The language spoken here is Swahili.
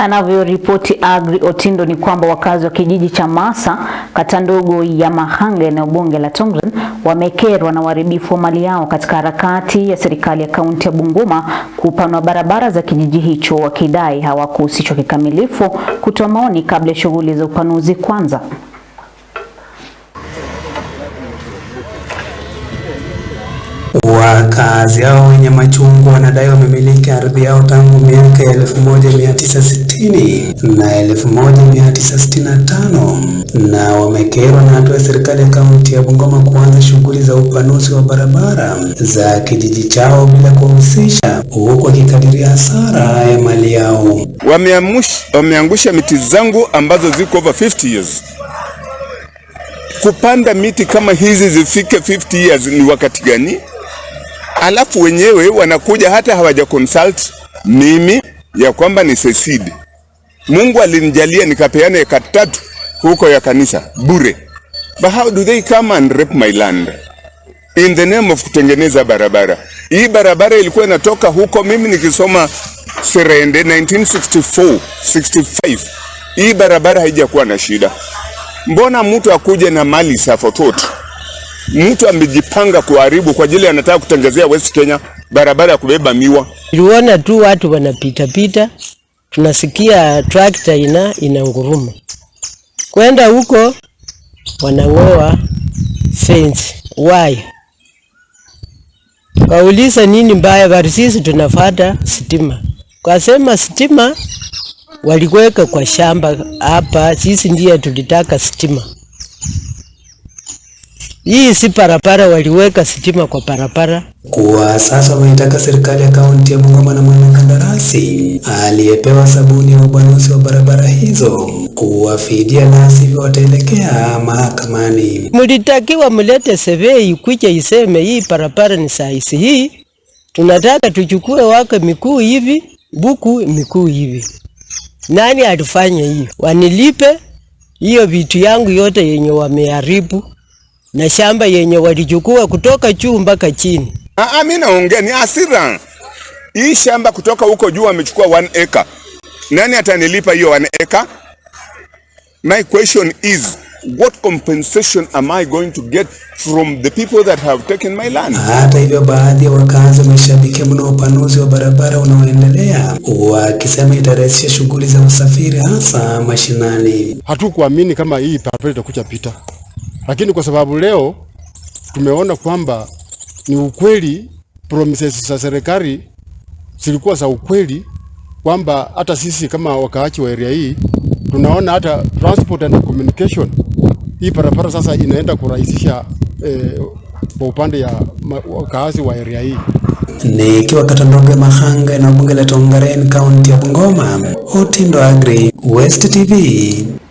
Anavyoripoti Agri Otindo ni kwamba wakazi wa kijiji cha Masa kata ndogo ya Mahanga eneo bunge la Tongren wamekerwa na uharibifu wa mali yao katika harakati ya serikali ya kaunti ya Bungoma kupanua barabara za kijiji hicho, wakidai hawakuhusishwa kikamilifu kutoa maoni kabla ya shughuli za upanuzi kwanza. Wakazi hao wenye machungu wanadai wamemiliki ardhi yao tangu miaka ya 1960 tisini na 1965 moja tisa na tano na wamekerwa na hatua ya serikali ya kaunti ya Bungoma kuanza shughuli za upanuzi wa barabara za kijiji chao bila kuwahusisha, huku wakikadiria hasara ya mali yao. Wameangusha miti zangu ambazo ziko over 50 years. Kupanda miti kama hizi zifike 50 years ni wakati gani? Alafu wenyewe wanakuja hata hawaja consult mimi ya kwamba ni sesidi. Mungu alinijalia nikapeana eka tatu huko ya kanisa bure. But how do they come and rip my land in the name of kutengeneza barabara? Hii barabara ilikuwa inatoka huko mimi nikisoma Serende 1964 65. Hii barabara haijakuwa na shida. Mbona mtu akuje na mali za fototo? Mtu amejipanga kuharibu kwa ajili anataka kutengezea West Kenya barabara ya kubeba miwa. Uliona tu watu wanapita pita tunasikia trakta ina inanguruma kwenda huko, wanang'oa fence waya. Kauliza nini mbaya, bali sisi tunafata stima. Kasema stima waliweka kwa shamba hapa, sisi ndiye tulitaka stima hii si parapara, waliweka stima kwa parapara Kwa sasa wanataka serikali ya kaunti ya Bungoma na polisi aliyepewa sabuni ya ubanuzi wa barabara hizo kuwafidia, na sivyo wataelekea mahakamani. Mlitakiwa mlete sevei kuja iseme hii barabara ni saisi hii, tunataka tuchukue wake mikuu hivi buku mikuu hivi. Nani alifanya hiyo? Wanilipe hiyo vitu yangu yote yenye wameharibu na shamba yenye walichukua kutoka juu mpaka chini. Ah, ah, mimi naongea ni asira hii shamba kutoka huko juu amechukua 1 acre. Nani atanilipa hiyo 1 acre? My question is what compensation am I going to get from the people that have taken my land? Hata hivyo baadhi ya wakazi wameshabikia mno upanuzi wa barabara unaoendelea wakisema itarahisisha shughuli za usafiri hasa mashinani. Hatukuamini kama hii barabara itakucha pita, lakini kwa sababu leo tumeona kwamba ni ukweli promises za serikali zilikuwa za ukweli kwamba hata sisi kama wakaachi wa area hii tunaona hata transport and communication, hii barabara sasa inaenda kurahisisha eh, upande ya wakaazi wa area hii. Nikiwa kata ndogo ya Mahanga na bunge la Tongaren, kaunti ya Bungoma, Otindo Agri, West TV.